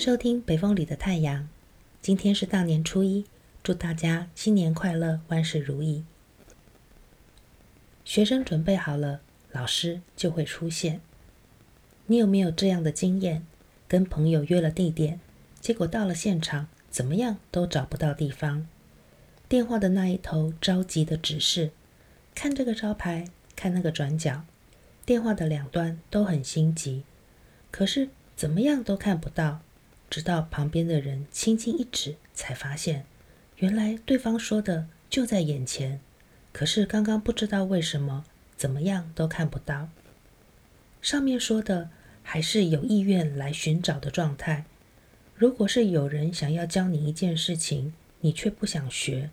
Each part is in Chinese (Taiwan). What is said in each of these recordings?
收聽北風裡的太陽。今天是大年初一，祝大家新年快樂，萬事如意。學生準備好了，老師就會出現。你有沒有這樣的經驗？跟朋友約了地點，結果到了現場，怎麼樣都找不到地方。電話的那一頭着急的指示，看這個招牌，看那個轉角。電話的兩端都很心急，可是怎麼樣都看不到。直到旁邊的人輕輕一指，才發現，原來對方說的就在眼前。可是剛剛不知道為什麼，怎麼樣都看不到。上面說的還是有意願來尋找的狀態。如果是有人想要教你一件事情，你卻不想學，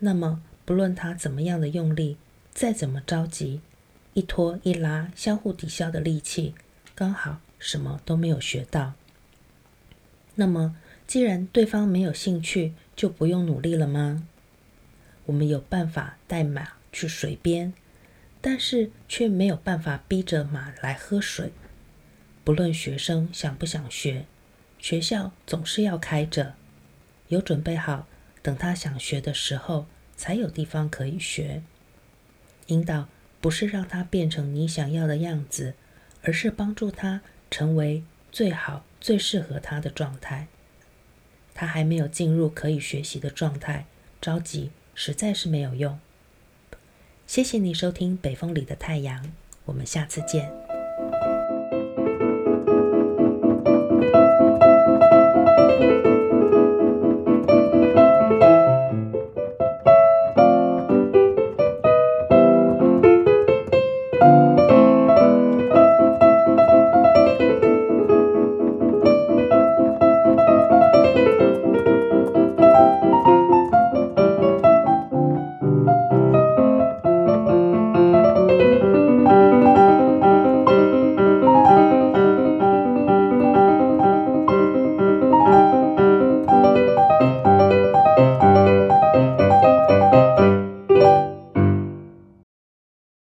那麼不論他怎麼樣的用力，再怎麼着急，一拖一拉，相互抵消的力氣，剛好什麼都沒有學到。那麼，既然對方沒有興趣，就不用努力了嗎？我們有辦法帶馬去水邊，但是卻沒有辦法逼着馬來喝水。不論學生想不想學，學校總是要開着，有準備好，等他想學的時候，才有地方可以學。引導不是讓他變成你想要的樣子，而是幫助他成為最好。最適合他的狀態，他還沒有進入可以學習的狀態，着急實在是沒有用。謝謝你收聽《北風裡的太陽》，我們下次見。